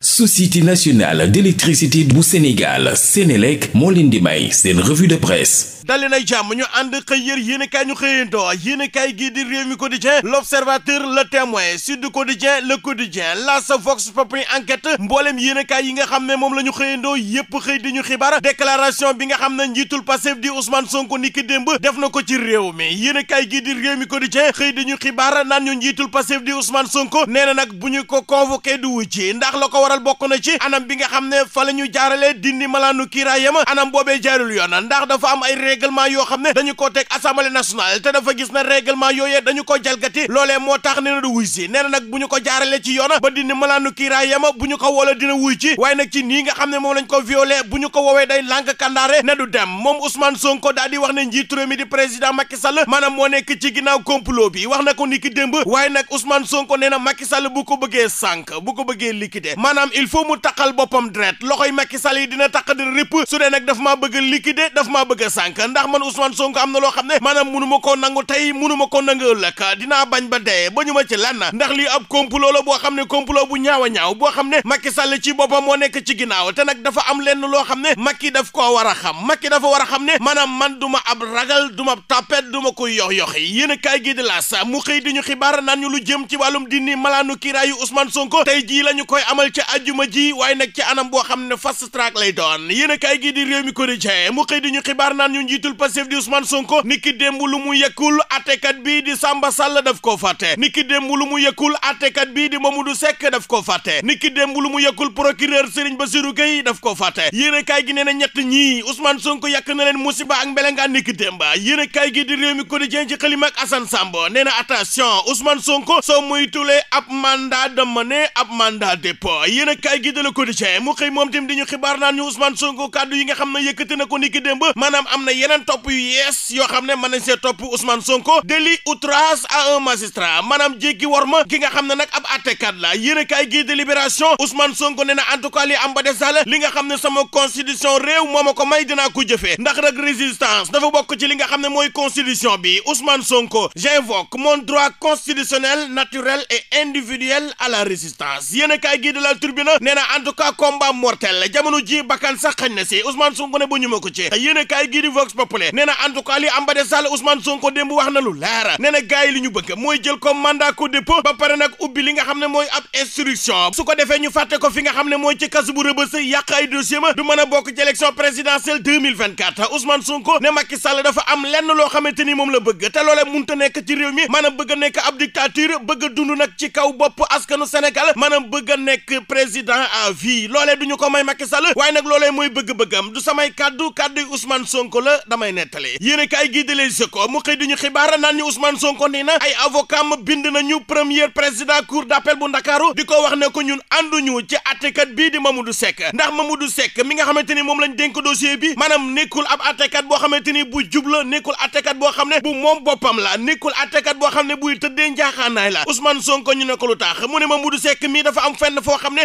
société nationale d'électricité bu Sénégal Sénélec moo leen di may seen revue de presse dali na jàmm ñu ànd xëy yër yéenekaay ñu xëyantoo yéenekaay gii di Rewmi Quotidien L'Observateur Le Témoin Sud Quotidien Le Quotidien L'As Vox Populi Enquête mbooleem yéenekaay yi nga xam ne moom la ñu xëyandoo yépp xëy di ñu xibaar déclaration bi nga xam ne njiitul Pastef di Ousmane ni niki démb def na ko ci réew mi yéenekaay gi di Rewmi Quotidien xëy di ñu xibaar naan ñu njiitul Pastef di Ousmane Sonko nee na nag bu ñu ko convoqué du waral bokk na anam bi nga xam ne fa la ñu jaarale dindi malaanu kiiraayam anam boobee jaarul yoon ndax dafa am ay règlement yoo xam ne dañu ko teg assemblée nationale te dafa gis na règlement yooyee dañu ko jalgati loolee moo tax nee na du nee nag bu ñu ko jaarale ci yoon ba dindi malaanu kiiraayam bu ñu ko woola dina wuy ci waaye nag ci nii nga xam ne moom lañ ko violé bu ñu ko woowee day lànk kandaare ne du dem moom Ousmane Sonko daal di wax ne njiitu réew mi di président Macky Sall maanaam moo nekk ci ginnaaw complot bi wax na ko ni ki démb waaye nag Ousmane Sonko nee na Macky Sall bu ko bëggee sànk bu ko bëggee liquider maanaam il faut mu taqal boppam dret loxoy Macky Sall yi dina taq di ripp su dee nag daf maa bëgg a liquider daf maa bëgg a sànk ndax man Ousmane Sonko am na loo xam ne maanaam munu ma koo nangu tey munu ma koo nangu ëllëg dinaa bañ ba dee ba ñu ma ci lan ndax lii ab complot la boo xam ne complot bu ñaaw ñaaw boo xam ne Macky Sall ci boppam moo nekk ci ginnaaw te nag dafa am lenn loo xam ne Macky daf koo war a xam Macky dafa war a xam ne maanaam man duma ma ab ragal du ma tapet du ma koy yox yox yi yéen a kaay gi di laas mu xëy di ñu xibaar ñu lu jëm ci wàllum dindi malaanu kiraayu Ousmane son tey jii la ñu koy amal ci ajjuma ji waaye nag ci anam boo xam ne fast track lay doon yéen a kaay gi di réew mi quotidien mu xëy di ñu xibaar naan ñu njiitul Pastef di Ousmane Sonko niki démb lu mu yëkkul attekat bi di Samba Sall daf koo fàtte niki démb lu mu yëkkul attekat bii di Mamadou Seck daf koo fàtte niki démb lu mu yëkkul procureur Serigne Bassirou Gueye daf koo fàtte yéen a kaay gi nee na ñett ñii Ousmane Sonko yàq na leen musiba ak mbelengaan niki démb yéen a kaay gi di réew mi quotidien ci xalima ak Assane Samb nee na attention Ousmane Sonko soo muy de mener ab yéen a kaay gi de Le Quotidien mu xëy moom tamit di ñu xibaar naan ñu Ousmane Sonko kàddu yi nga xam ne yëkkati na ko niki démb maanaam am na yeneen topp yu yees yoo xam ne mën nañ see topp Ousmane Sonko délit outrage à un magistrat maanaam jéggi war ma ki nga xam ne nag ab àttekat la yéen a kaay gi de Libération Ousmane ne nee na en tout cas li am ba des daal li nga xam ne sama constitution réew moo ma ko may dinaa ko jëfee ndax rek résistance dafa bokk ci li nga xam ne mooy constitution bi Ousmane Sonko j'invoque mon droit naturel et à la résistance yéen a tribune nee na en tout jamono ji bakkan sax xañ na si Ousmane Sonko ne bu ko ci yéen a kaay gii Vox Populi nee na en tout cas li ambade sall Ousmane démb wax na lu leer nee na li ñu bëgg mooy jël ko mandat ko dépôt ba pare nag ubbi li nga xam ne mooy ab instruction su ko defee ñu fàtte ko fi nga xam ne mooy ci kasu bu rëbës yàq ay dossier ma du mën a bokk ci élection présidentielle 2024 Ousmane ne Macky Sall dafa am lenn loo xamante président à vie loolee du ñu ko may Macky Sall waaye nag loolee mooy bëgg-bëggam du samay kaddu kaddu yi Ousmane Sonko la damay nettali yéen a kaay gii di Les Échos mu xëy di ñu xibaar naan ñu Ousmane Sonko nee na ay avocat ma bind nañu premier président cour d'appel bu Ndakaaru di ko wax ne ko ñun ànduñu ci àttekat bii di Mamadou Seck ndax Mamadou Seck mi nga xamante ni moom lañ dénk dossier bi maanaam nekkul ab àttekat boo xamante ni bu jub la nekkul boo xam ne bu moom boppam la nekkul àttekat boo xam ne buy tëddee njaaxaanaay la Ousmane ñu ne ko lu tax mu ne Mamadou Seck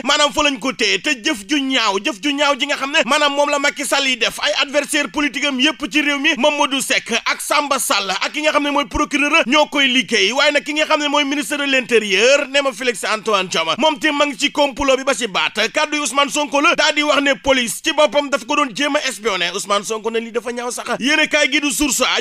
maanaam fa lañ ko téye te jëf ju ñaaw jëf ju ñaaw ji nga xam ne maanaam moom la Macky Sall yi def ay adversaire politique am yépp ci réew mi Mamadou Seck ak Samba Sall ak ki nga xam ne mooy procureur ñoo koy liggéey waaye nag ki nga xam ne mooy ministre de l'intérieur ne ma Félix Antoine Diome moom te ma ngi ci complot bi ba ci baat kàddu yi Ousmane Sonko la daa di wax ne police ci boppam daf ko doon jéem a espionné Ousmane Sonko ne lii dafa ñaaw sax yéen a kaay gi du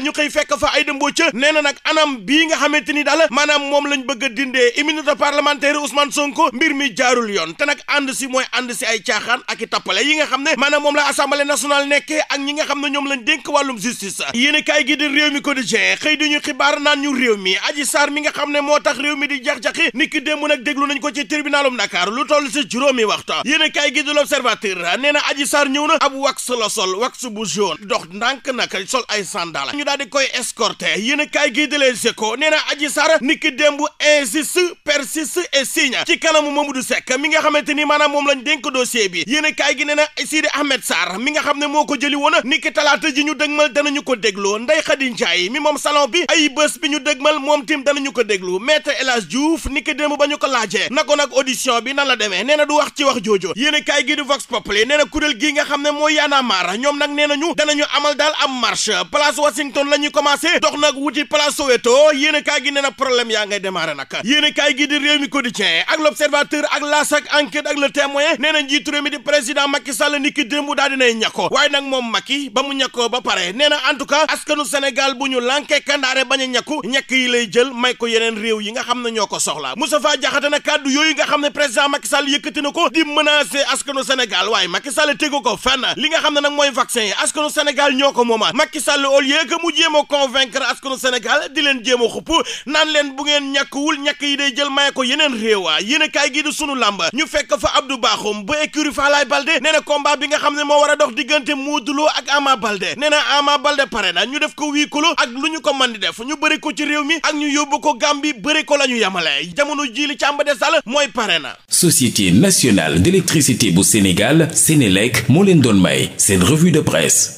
ñu xëy fekk fa ay dëmboo ca nee na nag anam bii ni daal maanaam moom lañ bëgg a dindee immunité parlementaire Ousmane Sonko mbir mi jaarul yoon te nag ànd si mooy ànd si ay caaxaan ak i tappale yi nga xam ne maanaam moom la assemblée nationale nekkee ak ñi nga xam ne ñoom lañ dénk wàllum justice yéen kaay gi di réew mi quotidien xëy di ñu xibaar naan ñu réew mi aji saar mi nga xam ne moo tax réew mi di jax-jaxi ni ki démb nag déglu nañ ko ci tribunalum Dakar lu toll si juróomi waxtu yéen kaay gi di l'observateur nee na aji saar ñëw na ab wax la sol wax bu jaune dox ndànk nag sol ay sandal ñu daal di koy escorter yéen kaay gi di Les nee na aji saar ni ki démb insiste persiste et signe ci kanamu Mamadou Seck mi nga ma ni maanaam moom lañ dénk dossier bi yéen kaay gi nee na Ahmed Sarr mi nga xam ne moo ko jëli woon niki talaata ji ñu dëgmal danañu ko dégloo Ndeye Khady Ndiaye mi moom salon bi ay bés bi ñu dëgmal moom tim danañu ko déglu maître El Hadj Diouf démb ba ñu ko laajee na ko nag audition bi nan la demee nee na du wax ci wax joojo yéen kaay gi di Vox Populi nee na kuréel gii nga xam ne mooy Y'en a marre ñoom nag nee nañu danañu amal daal am marche place enquête ak le témoin nee na njiitu réew mi di président Macky Sall ni ki démb daal dinay waaye nag moom Macky ba mu ñàkkoo ba pare nee na en tout cas askanu Sénégal bu ñu lànkee kandaare bañ a ñàkku ñàkk jël may ko yeneen réew yi nga xam ne ñoo ko soxla Moustapha Diakhaté nag kàddu nga xam ne président Macky Sall na ko di menacer askanu Sénégal waaye Macky tegu ko fenn li nga xam ne nag mooy vaccin yi askanu Sénégal ñoo ko moomaat Macky Sall mu jéem a convaincre askanu Sénégal di leen a xupp naan leen bu ngeen ñàkkuwul ñàkk yi day jël fekk fa Abdou Bakhoum bu écurie Falaye Baldé nee na combat bi nga xam ne moo war a dox diggante moo Lo ak Ama Baldé nee na Ama Baldé pare na ñu def ko wii kulo ak lu ñu ko mën di def ñu bëri ko ci réew mi ak ñu yóbbu ko Gàmbi bëri ko la ñu yemale jamono jii li càmba de sall mooy pare na. Société nationale d'électricité bu Sénégal Sénélec moo leen doon may seen revue de presse.